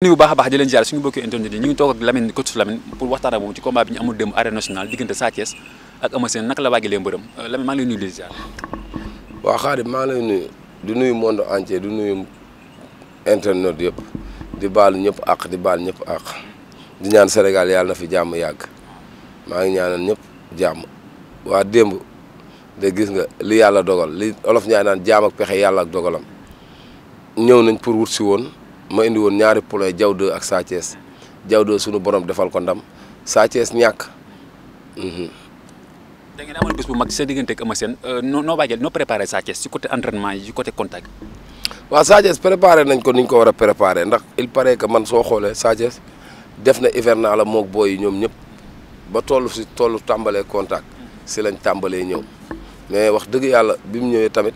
nuyu baax a baax di leen ziar suñu bokki internet yi ñu ngi toog ak Lamine coach Lamine pour waxtaan ak moom ci combat bi ñu amul démb arène nationale diggante Sa Thiès ak Eumeu Sène naka la waajalee mbërëm euh, Lamine maa ngi nuyu di ziar waaw Xaadim maa ngi nuyu du nuyu monde entier du nuyu internet yëpp di baalu ñëpp àq di baal ñëpp àq di ñaan Sénégal yàlla na fi jàmm yàgg maa ngi ñaanal ñëpp jàmm waa démb de gis nga li yàlla dogal li olof ñaa naan jaam ak pexe yàlla ak dogalam ñëw nañ ma indi woon ñaari polo Diaw 2 ak Sa jawdo suñu borom defal ko ndam Sa ñàkk. Mhm. da ngeen amoon bés bu mag sa diggante ak Eumeu Sène euh, noo noo waajal noo préparé Sa Thiès ci côté entraînement yi ci côté contact. waaw Sa Thiès préparé nañ ko ni ñu ko war a préparé ndax il pare que man soo xoolee Sa def na hivernal la moog booy yi ñoom ñëpp ba tollu si tollu tàmbalee contact si lañ tàmbalee ñëw mais wax dëgg yàlla bi mu ñëwee tamit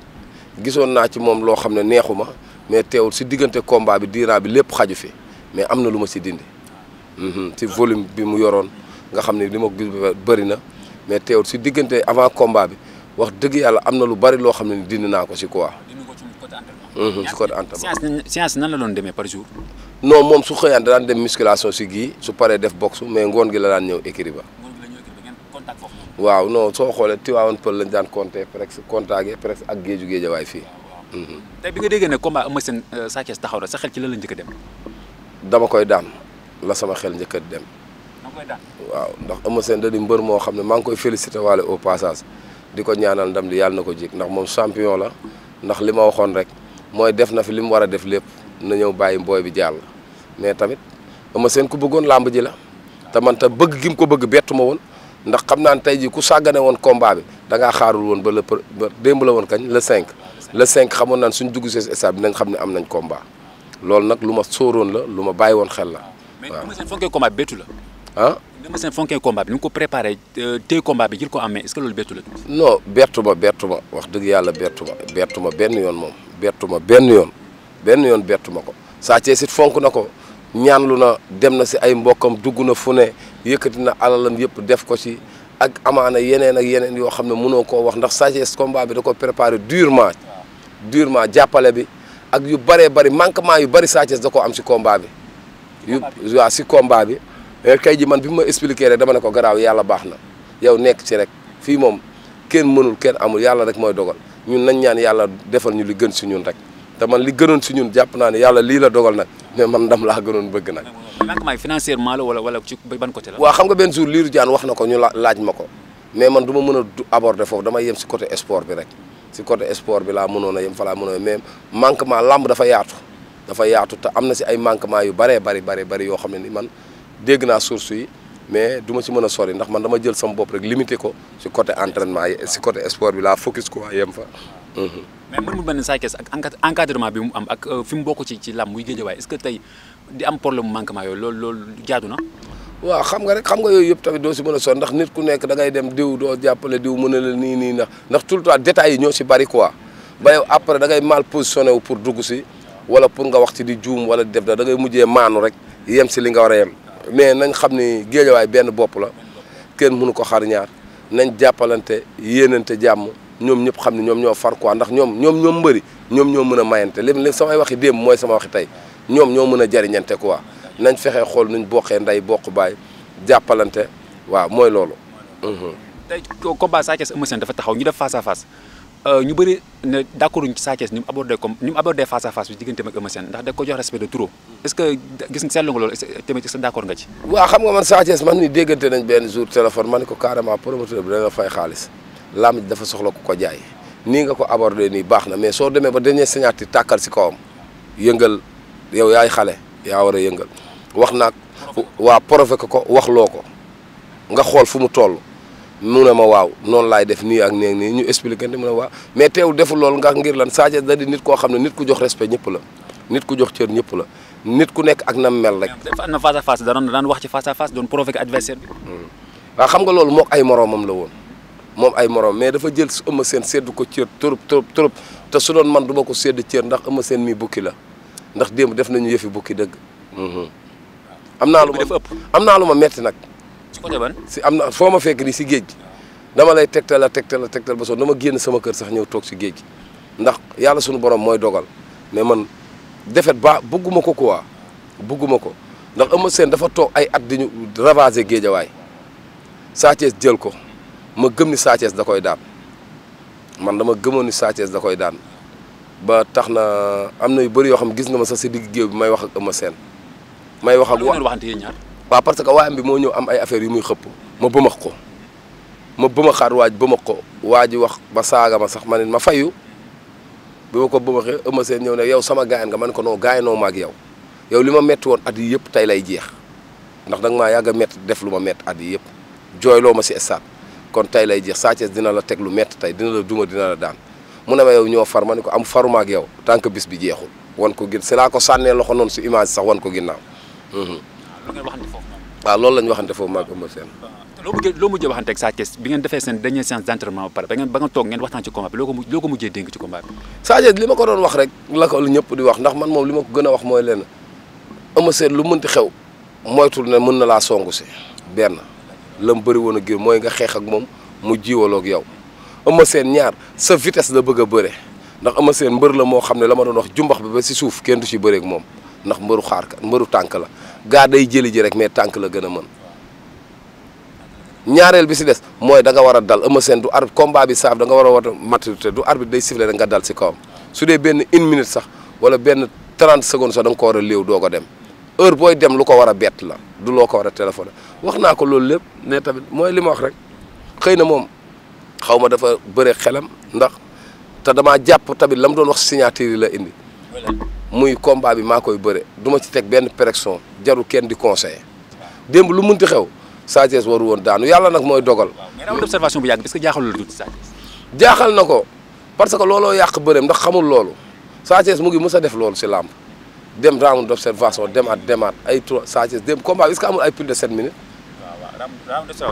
gisoon naa ci moom loo xam ne neexu ma mais teewul si diggante combat bi diiraa bi lépp xaju fi mais am na lu ma si dindi ci mhm, volume bi mu yoroon nga xam ne li ma gis bëri na mais teewul si diggante avant combat bi wax dëgg yàlla am na lu bari loo xam ne dindi naa ko si quoi. si côté entraînement. Mhm, séance nan la doon demee par jour. non moom su xëyaan daan dem musculation si gii su paree def boxe mais ngoon gi la daan ñëw écrit ba. waaw non soo xoolee Tivaouane Peulh lañ daan compter presque contacté presque ak géeju géejawaay fii. tey bi nga déggee ne combat Eumeu Sène euh, Sa taxaw na sa xel ci lan la njëkk a dem. dama koy daan la sama xel njëkk dem. dama koy daan waaw ndax Eumeu Sène mbër moo xam ne maa ngi koy félicité waale au passage di ko ñaanal ndam di yàlla na ko jik ndax moom champion la ndax li ma waxoon rek mooy def na fi li mu war a def lépp na ñëw bàyyi mbooy bi jàll mais tamit Eumeu Sène ku bëggoon làmb ji la te man bëgg gi mu ko bëgg bettu woon. ndax xam naa ne tey jii ku sàggane woon combat bi da xaarul woon ba le ba démb la woon kañ le 5 le 5 xamoon naan suñ dugg si stade bi nañ xam ne am nañ combat loolu nag lu ma sóoroon la lu ma bàyyi woon xel la. waaw mais seen fonkee combat bettu la. ah seen fonkee combat bi ko préparé euh, tey combat bi jël ko amee est-ce que loolu bettu la. non bettu ma bettu ma wax dëgg yàlla bettu ma bettu ma benn yoon moom bettu ma benn yoon benn yoon bettu ma ko Sa Thiès fonk na ko ñaanlu na dem na si ay mbokkam dugg na fu ne yëkkati na alalam yëpp def ko si. ak amaana yeneen ak yeneen yoo xam ne mënoo koo wax ndax Sa Thiès combat bi da ko préparé durement durement jàppale bi ak yu bëree bëri manquement yu bëri Sa da ko am si combat bi yu waaw si combat bi kay eh, ji man bi ma expliqué rek dama ne ko garaaw yàlla baax na yow nekk ci rek fii moom kenn mënul kenn amul yàlla rek mooy dogal ñun nañ ñaan yàlla defal ñu li gën si ñun rek te man li gënoon si ñun jàpp naa ne yàlla lii la dogal nag mais man dam laa gënoon bëgg nag. manquement financièrement la wala wala ci ban côté la. waaw xam nga benn jour liiru jaan wax na ko ñu laaj ma ko mais man du ma mën a foofu dama yem si côté sport bi rek. si côté sport bi laa mënoon a yem fa laa mënoon a mais manquement làmb dafa yaatu dafa yaatu te am na si ay manquement yu bëree bëri bëri bëri yoo xam ne ni man dégg naa source yi mais du ma si mën a sori ndax man dama jël sama bopp rek limité ko si côté entraînement yi si côté sport bi laa focus ko yem fa. Mhm. mais mbir mu mel ni Sa Thiès ak encadrement bi mu am ak euh, fi mu bokk ci ci làmb muy Guédiawaye est-ce que tey di am problème manquement yooyu loolu loolu jaadu na. waaw xam nga rek xam nga yooyu yëpp tamit doo si mën a son ndax nit ku nekk dangay dem diw doo jàppale diw mën a la nii nii ndax ndax tout le yi ñoo si bari quoi ba yow après dangay ngay mal positionné wu pour dugg si wala pour nga wax si di juum wala def da ngay mujjee maanu rek yem si li nga war a yem mais nañ xam ni géejawaay benn bopp la kenn mënu ko xar ñaar nañ jàppalante yéenante jàmm ñoom ñëpp xam ne ñoom ñoo far quoi ndax ñoom ñoom ñoom mbëri ñoom ñoo mën a mayante li li samay waxi démb mooy sama waxi tey ñoom ñoo mën a jariñante quoi nañ fexe xool nuñ bokkee nday bokk baay jàppalante waaw mooy loolu. Mhm. tey combat Sa Thiès Eumeu dafa taxaw ñu def face à face euh, ñu bëri ne d'accord ci Sa Thiès ni mu abordé comme ni mu abordé face à ndax da ko jox respect de est que gis nga seetlu nga loolu tamit est-ce que d'accord nga ci. waaw xam nga man Sa Thiès man ni déggante nañ benn jour téléphone ma ne ko carrément promoteur bi dana fay xaalis lamb dafa soxla ku ko jaay nii nga ko abordé nii baax na mais soo demee ba dernier signature tàkkal si kawam yëngal yow yaay xale. yaa war a yëngal wax naag waa provoqué ko wax loo ko nga xool fu mu toll mu ne ma waaw noonu laay def nii ak nii nii ñu expliqué mu ne waaw mais teew deful loolu nga ngir lan Sadio da di nit koo xam ne nit ku jox respect ñëpp la nit ku jox cër ñëpp la nit ku nekk ak nam mel rek. dafa am na face à face daan daan wax ci face à face doon provoqué adversaire bi. Hmm. waaw xam nga loolu mook ay moroomam la woon moom ay moroom mais dafa jël Eumeu seen sédd ko cër trop trop trop te su doon man du ma ko sédd cër ndax Eumeu Sène mii bukki la. ndax démb def nañu yëfi bukki dëgg. Mhm. am naa lu ma am naa lu ma metti nag. ci côté si am na foo ma fekk nii si géej gi dama lay tegtal a tegtal a tegtal ba soo dama génn sama kër sax ñëw toog si géej ndax yàlla suñu borom mooy dogal mais man defet ba bëgguma ko quoi bëgguma ko ndax Eumeu Sène dafa toog ay at di ñu ravager géejawaay Sa Thiès jël ko ma gëm ni Sa da koy daan man dama gëmoon ni Sa da koy daan ba tax na am na yu bëri yoo xam gis nga ma sax si digg géew bi may wax ak Eumeu Sène may wax ak waxante yéen parce que waayam bi moo ñëw am ay affaires yu muy xëpp ma bëmax ko ma bëma xaar waaj bëma ko waa ji wax ba saaga ma sax ma ne ma fayu bi ma ko bëmaxee Eumeu Sène ñëw ne yow sama gaayan nga man ko noo gaayanoo ma ak yow yow li ma metti woon at yi yëpp tey lay jeex ndax danga maa yàgg a def lu ma metti at yi yëpp jooyloo ma si stade kon tey lay jeex Sa dina la teg metti tey dina la duma dina la daan mun ne ma yow ñoo far ma ne ko am faruma ak yow tant que bis bi jeexul wan ko gin si laa ko sànnee loxo noonu su image sax wan ko ginnaaw. Mhm. waaw loolu la ñu waxante foofu maa ngi ëmb seen. loo mujjee mujjee waxante ak bi ngeen defee seen dernière séance d'entraînement ba pare ba ngeen ba nga toog ngeen li ma ko doon wax rek la ko ñëpp di wax ndax man moom li ma ko gën a wax mooy lenn Eumeu Sène lu mënti xew moytul ne mën na laa songu si benn lam bëri woon a gir mooy nga xeex ak moom mu jiwaloog yow Eumeu seen ñaar sa vitesse la bëgg a bëre ndax Eumeu Sène mbër la moo xam ne la ma doon wax jumbax bi ba si suuf kenn du si bëreeg moom ndax mbëru xaarkat mbëru tànk la gaa day jëli ji rek mais tànk la gën a mën ñaareel bi si des mooy da nga war a dal Eumeu Sène du arbitre combat bi saaf danga nga war a war a maturité du arbitre day siffler rek nga dal si kawam su dee benn une minute sax wala benn 30 secondes sax danga ko war a léew doo ko dem heure booy dem lu ko war a bett la du loo ko war a téléphoné wax naa ko loolu lépp ne tamit mooy li ma wax rek xëy na moom xaw ma dafa bëre xelam ndax te damaa jàpp tamit la mu doon wax signature yi la indi muy combat bi maa koy bëre du ma ci teg benn pression jarul kenn di conseil démb lu munti xew Sa Thiès waru woon daanu yàlla nag mooy dogal. mais bu yàgg est-ce Sa jaaxal na ko parce que looloo yàq bëreem ndax xamul loolu Sa mu ngi mës a def loolu si làmb dem round d'observation demaat demaat ay trois Sa Thiès démb combat bi que amul ay plus de 7 minutes.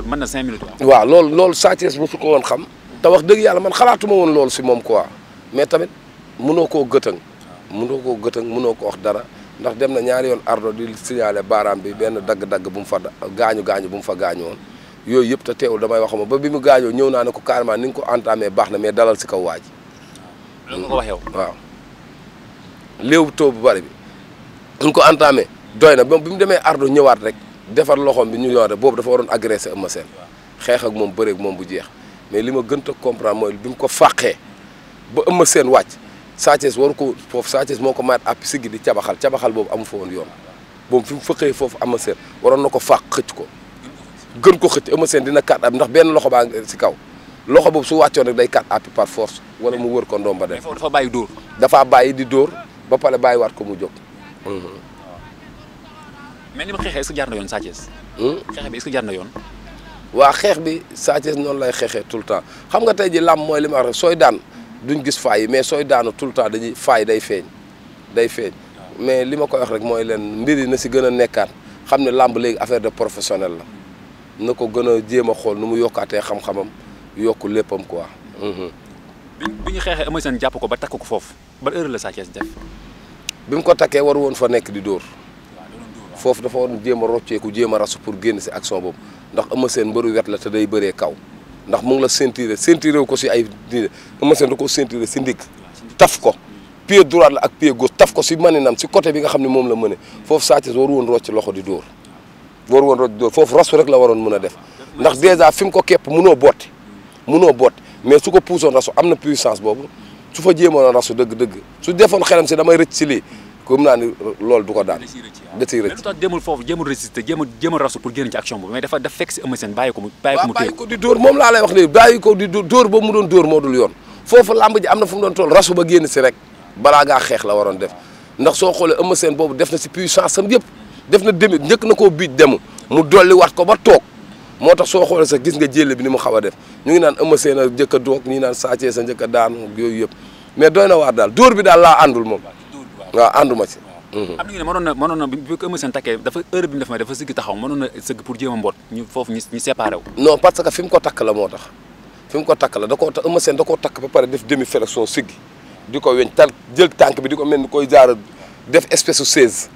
mën na cinq minutes waaw loolu loolu Sathiès mosu ko woon xam te wax dëgg yàlla man xalaatuma woon loolu si moom quoi mais tamit mënoo koo gëtëng mënoo koo gëtëng mënoo ko wax dara ndax dem na ñaari yoon ardo di signaler baaraam bi benn dagg-dagg bu mu fa gaañu gaañu bu mu fa gaañu woon yooyu yëpp te teewul damay waxuma ba bi mu gaañoo ñëw naa ne ko carrément ni nga ko entamé baax na mais dalal si kaw waaj loolu nga ko bu bari bi ñu ko entamé doy na bi mu demee ardo ñëwaat rek defar loxoom bi ñu yore boobu dafa waroon agressé Eumeu Sène xeex ak moom bëreeg moom bu jeex mais li ma gën a comprendre mooy bi mu ko fàqee ba Eumeu Sène wàcc Sa Thiès waru ko foofu Sa Thiès moo ko maat ab siggi di cabaxal cabaxal boobu amu fa woon yoon boobu fi mu fëqee foofu Eumeu Sène waroon na ko fàq xëcc ko gën ko xëcc Eumeu Sène dina kat ab ndax benn loxo baa si kaw loxo boobu su wàccoon rek day kat appi par force wala mu wër ko ndoom ba def dafa bàyyi dóor dafa bàyyi di dóor ba pare bàyyiwaat ko mu jóg mais ni ma xeexee est-ce que jaar na yoon Sa hmm? na yoon. waa xeex bi Sa noonu lay xeexee tout le temps xam nga tey ji làmb mooy li ma wax rek sooy daan duñ gis faay yi mais sooy daanu tout le temps dañuy faay day day feeñ mais li ma koy wax rek mooy leen mbir yi na si gën a nekkaat xam ne làmb léegi affaire de professionnel la na ko gën a jéem a xool nu mu yokkaatee xam-xamam yokk léppam quoi. bi bi ñu xeexee Eumeu Sène jàpp ko ba takk ko foofu ba heure la Sa Thiès bi mu ko takkee waru woon fa nekk di dóor. foofu dafa waroon jéem a rocceeku jéem a rasu pour génn si action boobu ndax Eumeu Sène mbëru wet la te day bëree kaw ndax mu ngi la ceinture ceinture ko si ay diine Eumeu Sène ko ceinture si ndig taf ko pied droit la ak pied gauche taf ko si maninam si côté bi nga xam ne moom la mëne foofu Sa Thiès waru woon rocc loxo di dóor waru woon rocc dóor foofu rasu rek la waroon mën a def ndax dèjà fi mu ko képp munoo botti munoo boot mais su ko puusoon rasu am na puissance boobu su fa jéemoon rasu dëgg-dëgg su defoon xelam si damay rëcc si lii comme naa ni loolu du ko daan. da ciy rëcc lu foofu jéemul a jéem a rasu pour génn ci action boobu mais dafa dafa fekk si Eumeu Sène bàyyi ko mu. bàyyi ko mu téye waaw bàyyi ko di dóor moom laa lay wax nii bàyyi ko di dóor boobu mu doon dóor moo dul yoon foofu làmb ji am na fu mu doon toll rasu ba génn si rek balaa ngaa xeex la waroon def ndax soo xoolee Eumeu Sène boobu def na si puissance am yëpp def na demi njëkk na koo biij demu mu dolli wax ko ba toog moo tax soo xoolee sa gis nga jélle bi ni mu xaw a def ñu ngi naan Eumeu Sène a njëkk a doog ñu ngi naan Sa yëpp mais doy na waar daal dóor bi daal laa àndul moom waaw ànduma si. am na ñu ne mënoon na mënoon na bu ko Eumeu Sène takkee dafa heure taxaw mënoon na sëgg pour jéem a mboot ñu foofu ñu ñu parce que fi ko takk la moo tax fi mu koo takk ba pare ko weñ bi di ko mel ni koy jaara def espèce su 16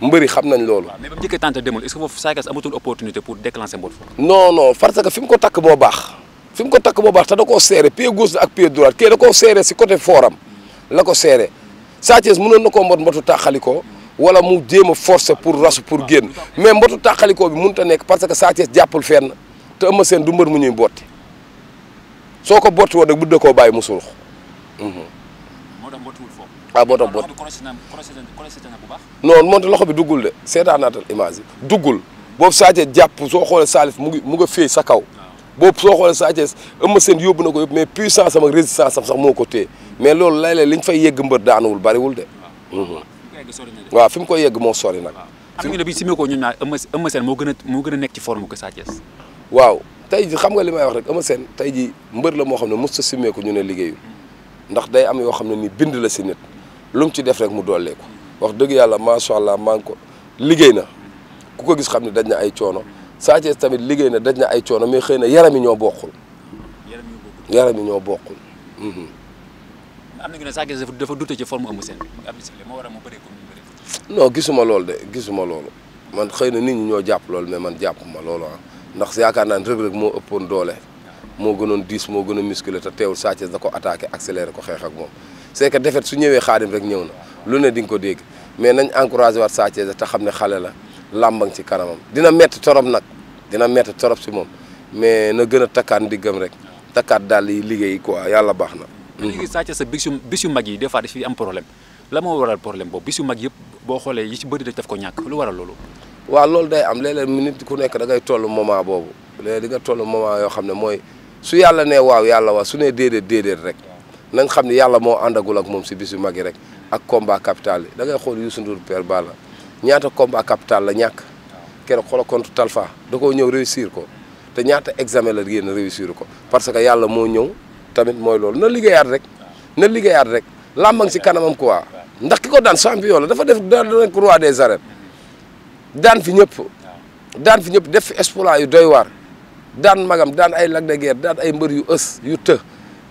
mbëri xam nañ loolu. waaw mais ba mu njëkkee tenté demul est pour déclencher mboot foofu. non non parce ko takk moo baax fi ko takk moo baax te da koo serré pied gauche ak pied droit kii da koo serré si côté foram la ko serré Sa Thiès na koo mbot mbotu tàqalikoo wala mu jéem a forcer pour rasu pour génn mais mbotu tàqalikoo bi mënut a nekk parce que Sa jàppul fenn te Eumeu seen du mu ñuy botti soo ko botti woon rek bu dee koo bàyyi mu surux. Mhm. moo tax bottiwul foofu. waaw ah, moo tax loxo bi duggul de seetaanaatal image duggul boobu Sa jàpp soo xoolee saalis mu ngi mu nga féey sa kaw. boobu soo xoolee Sa Thiès Eumeu Sène yóbbu na ko yëpp mais puissance am ak résistance am sax moo ko téye mais loolu lay li ñu fay yegg mbër daanuwul bariwul de. Mhm. waaw fi mu koy yegg moo sori nag. xam nga bi simee ko ñun ñaar Eumeu moo gën a moo gën nekk ci forme que Sa Thiès. waaw tey ji xam nga li may wax rek Eumeu Sène tey ji mbër la moo xam ne mos sa simee ñu ne liggéeyu ndax day am yoo xam ne nii bind la si nit lu mu ci def rek mu dolleeku wax dëgg yàlla macha allah maa ngi ko liggéey na ku ko gis xam ne dañ na ay coono Sa tamit liggéey na dañ na ay coono mais xëy na yaram yi ñoo bokkul. yaram yi ñoo bokkul mhm. am na ñu ne dafa dute ci forme Eumeu Sène moo waral mu bëree gisuma loolu de gisuma loolu man xëy na nit ñi ñoo jàpp loolu mais man jàppuma loolu ah ndax yaakaar naa ne Reug Reug moo ëppoon doole moo gënoon diis moo gën a musculé te teewul Sa da ko attaqué accéléré ko xeex ak moom c'est que défaite su ñëwee xaadim rek ñëw na lu ne di nga ko dégg mais nañ encouragé waat Sa Thiès te xam ne xale la làmbang ci kanamam dina metti torop nag dina metti torop si moom mais na gën a takkaat ndiggam rek takkaat daal yi liggéey quoi yàlla baax na. léegi sàcc sa bis yu bis yi des fois daf am problème la moo waral problème boobu bis yu mag yëpp boo xoolee yi ci bëri daf ko ñàkk lu waral loolu. waa loolu day am léeg-léeg nit ku nekk dangay ngay toll moment boobu lee di nga toll moment yoo xam ne mooy su yàlla nee waaw yàlla waaw su nee déedéet déedéet rek nan nga xam ne yàlla moo àndagul ak moom si bis yu mag yi rek ak combat capital yi da ngay xool Youssou Ndour Père Balla ñaata combat capital la ñàkk keroog xoolal contre Talfa da koo ñëw réussir ko te ñaata examen la génn réussir ko parce que yàlla moo ñëw tamit mooy loolu na liggéeyaat rek na liggéeyaat rek làmbang si kanamam quoi ndax ki ko daan champion la dafa def da rek roi des arènes daan fi ñëpp daan fi ñëpp def fi exploit yu doy waar daan magam daan ay lag de guerre daan ay mbër yu ës yu të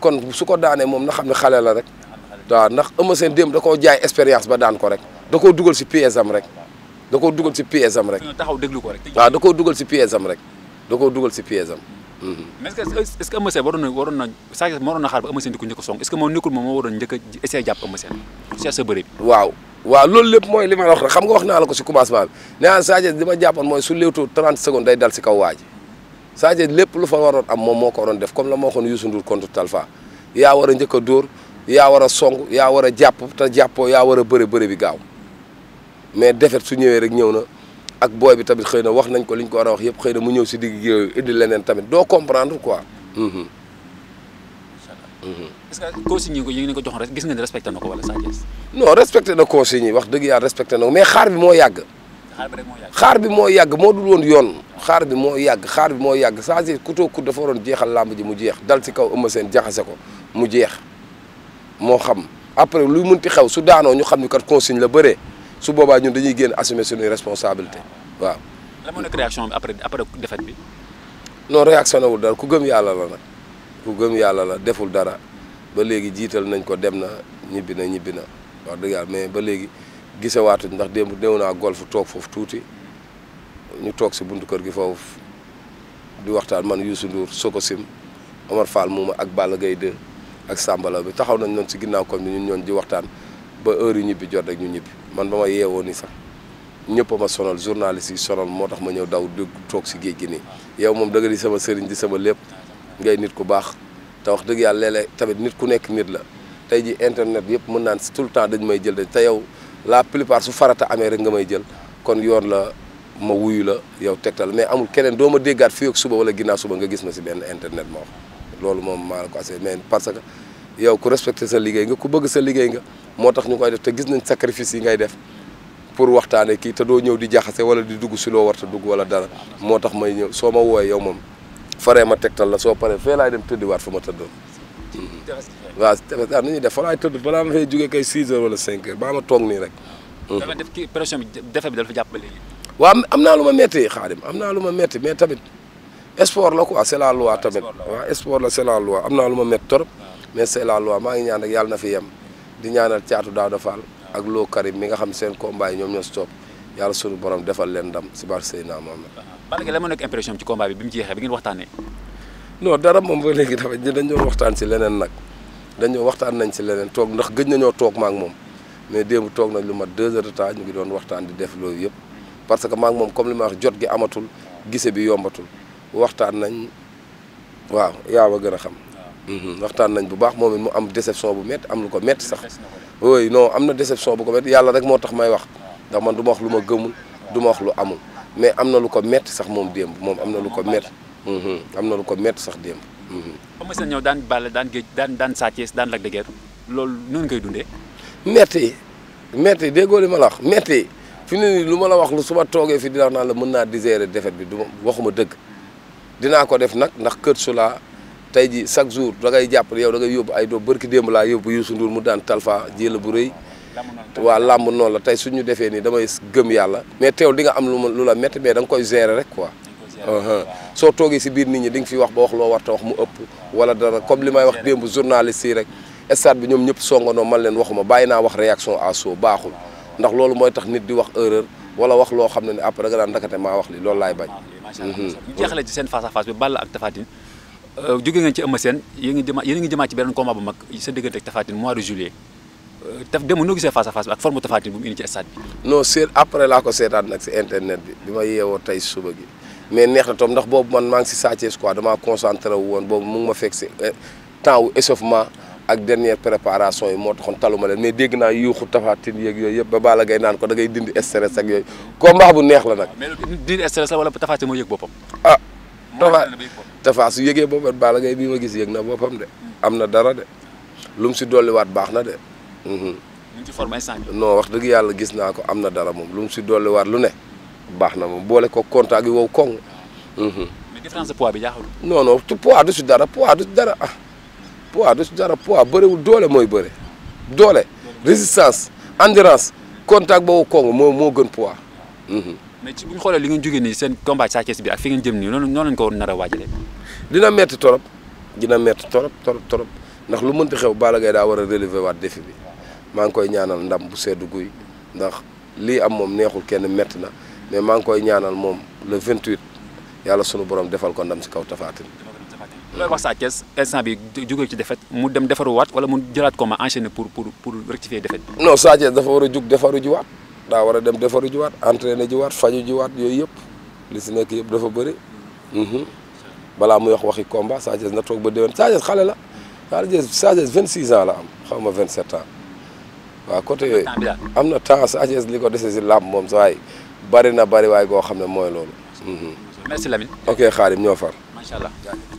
kon su ko daanee moom na xam ne xale la rek waaw ndax Eumeu seen démb da koo jaay expérience ba daan ko rek da koo dugal si piège am rek da koo dugal si piège am rek. taxaw déglu ko rek. waaw da koo dugal si piège am rek da koo dugal si piège am. Mhm. mais est ce que waroon na waroon xaar ba Eumeu di ko njëkk a song est ce que moom nekkul moom waroon njëkk a jàpp lépp mooy li may wax rek xam nga wax naa la ko si commencement bi nee naa Sa ma jàppoon mooy su léewtoo 30 secondes day dal si kaw waaj Sa Thiès lépp lu fa waroon am moom moo ko waroon def comme la moo waxoon Youssou Ndour contre Talfa yaa war a njëkk a dóor yaa war a song yaa war a jàpp te jàppoo yaa war a bëre bëre bi gaaw mais defet su ñëwee rek ñëw na ak booy bi tamit xëy na wax nañ ko li ñu ko war a wax yëpp xëy na mu ñëw si digg yooyu indi leneen tamit doo comprendre quoi. Mhm. Mhm. est-ce que consignes yi ko yéen ko joxoon rek gis ngeen respecté na ko wala Sa Thiès non na consignes yi wax dëgg yàlla respecté na ko mais xaar bi moo yàgg. xaar bi moo yàgg moo dul woon yoon. xaar bi moo yàgg xaar bi moo yàgg Sa Thiès kutoo kut dafa waroon jeexal làmb ji mu jeex dal si kaw Eumeu seen jaxase ko mu jeex moo xam après lu munti xew su daanoo ñu xam ni kat consigne la bëree su boobaa ñun dañuy génn assumer suñuy responsabilité waaw. lan moo nekk réaction bi après après défaite bi. non réaction wul dara ku gëm yàlla la nag ku gëm yàlla la deful dara ba léegi jiital nañ ko dem na ñibbi na ñibbi na wax dëgg yàlla mais ba léegi gisewaatuñ ndax démb néew naa golf toog foofu tuuti ñu toog si buntu kër gi foofu di waxtaan man Youssou Ndour si Omar Fall Mouma ak Balla gay 2 ak Sambala bi taxaw nañ noonu si ginnaaw comme ni ñu ñoon di waxtaan. ba heure yu ñibbi jot rek ñu ñibbi man ba ma yeewoo ni sax ñëpp a ma sonal journaliste yi sonal moo tax ma ñëw daw dugg toog si géej gi nii yow moom da di sama sëriñ di sama lépp ngay nit ku baax te wax dëgg yàlla léeg tamit nit ku nekk nit la tey ji internet yëpp mën naan tout le temps dañ may jël dañ te yow la plupart su farata amee rek nga may jël kon yoon la ma wuyu la yow tegtal mais amul keneen doo ma déggaat fii ak suba wala ginnaaw suba nga gis ma si benn internet moo loolu moom maa la ko parce que yow ku respecté sa liggéey nga ku bëgg sa liggéey nga moo tax ñu koy def te gis nañ sacrifice yi ngay def pour waxtaanee kii te doo ñëw di jaxase wala di dugg si loo war te dugg wala dara moo tax may ñëw soo ma wooyee yow moom faree ma tegtal la soo paree fee laay dem tëddiwaat fa ma tëddoon. waaw tamit daal ah, ñuy def fa laay tëdd balaa ma fay jugee kay 6 heures wala 5 heures baa ma rek. dafa def kii pression bi defe jàppale. waaw naa lu ma métti xaadim am naa lu ma métti mais tamit sport la quoi c'est la loi ah, tamit. waaw sport la c'est la loi am naa lu ma métti trop. mais c'est la loi maa ngi ñaan rek yàlla na fi yem di ñaanal caatu Daouda Fall ak loo Karim mi nga xam seen combat ñoom ñoo si topp yàlla sunu borom defal leen ndam si barke Seydina Mohamed. Balla Gaye la ma nekk impression ci combat bi bi mu jeexee bi ngeen moom ba léegi dafa waxtaan si leneen nag dañoo waxtaan nañ si leneen toog ndax gëj nañoo toog maak moom mais démb toog nañ lu ma deux heures de ñu ngi doon waxtaan di def loolu yëpp parce que maa ngi moom comme li ma wax jot gi amatul gise bi yombatul waxtaan nañ waaw yaaw ma gën a xam. Mhm, waxtaan nañ bu baax moom it mu am déception bu métti am lu ko métti sax ooy non am na déception bu ko métti yàlla rek moo tax may wax ndax man du ma wax lu ma gëmul du ma wax lu amul mais am na lu ko métti sax moom démb moom am na lu ko métti mhm, am na lu ko métti sax démb ama mhm. seen ñëw daan Balla daan géej daan daan Sa Thiès daan Lac de Guiers loolu koy dundee métti métti déggoo li ma la wax métti fi lu ma la wax lu su ma toogee fi di wax naan la mën naa digérer défaite bi du waxuma dëgg dinaa ko def nag ndax kër sulaa tey ji chaque jour da ngay jàpp yow da ngay yóbbu ay doom barki démb laa yóbbu Youssou Ndour mu daan Talfa jël bu rëy waa làmb noonu la tey suñu defee nii damay gëm yàlla mais teewul di nga am lu lu la métti mais da nga koy gérer rek quoi uh-huh. soo toogee si biir nit ñi di nga fi wax ba wax loo war ta wax mu ëpp wala dara comme li may wax démb journaliste yi rek stade bi ñoom ñëpp songanoo man leen waxuma bàyyi naa wax réaction à chaud baaxul ndax loolu mooy tax nit di wax erreur wala wax loo xam ne ne après da nga daan wax li loolu laay bañ ñu mm-hmm. jeexale ci seen face à face bi Balla ak Euh, jóge ngeen ci Eumeu Sène yéen ngi jëma yéen ngi jëmaat ci beneen combat bu mag sa diggante ak Tapha Tine mois de euh, bu mu indi nag mais neex na ndax boobu man maa ngi si ma fekk si euh, temps wu échauffement ak dernière préparation yi moo taxoon taluma leen mais dégg naa yuuxu Tapha Tine yeeg yooyu yëpp ba Balla Gaye naan ko da ngay dindi stress ak yooyu combat bu neex la nag. dindi stress la wala Tapha Tine yëg boppam ah, Tafa Tafa su yëgee boppam Balla Gaye bii ma gis yëg na boppam de. am na dara de lu mu si dolliwaat baax na de. ñu mhm. ci formé sànq. non wax dëgg yàlla gis naa ko am na dara moom lu mu si dolliwaat lu ne baax na mo boole ko contact yi wow koŋ. Mhm. mais différence de poids bi jaaxul. non non ci poids si dara poids du si dara ah poids du si dara doole mooy bëri doole résistance endurance contact ba wow koŋ moo moo gën poids. Mhm. mais ci bu ñu xoolee li nga jógee nii seen combat Sa Thiès bi ak fi ngeen jëm nii noonu noonu lañ ko nar a waajalee. dina metti torop dina metti torop torop torop ndax lu mënti xew bala Gaye daa war a relever waat défi bi maa ngi koy ñaanal ndam bu sedd guy ndax lii am moom neexul kenn metti na mais maa ngi koy ñaanal moom le 28 yàlla sunu borom defal ko ndam si kaw tafaatin. looy wax Sa Thiès instant bi jógee ci defet mu dem defaruwaat wala mu jëlaat ko ma enchaîner pour pour pour rectifier defet bi. non Sa Thiès war a jug defaru ji daa war a dem defaru jiwaat entraîné jiwaat faju jiwaat yooyu yëpp li si nekk yëpp dafa bëri mhm. balaa mu wax waxi combat Sa Thiès na toog ba déwén Sa xale la Sa vingt 26 ans la am xaw ma 27 ans waaw côté yooyu am na temps Sa Thiès li ko dese si làmb moom sa waay bari na bari waay goo xam ne mooy loolu mhm. merci Lamine ok xaarim ñoo far macha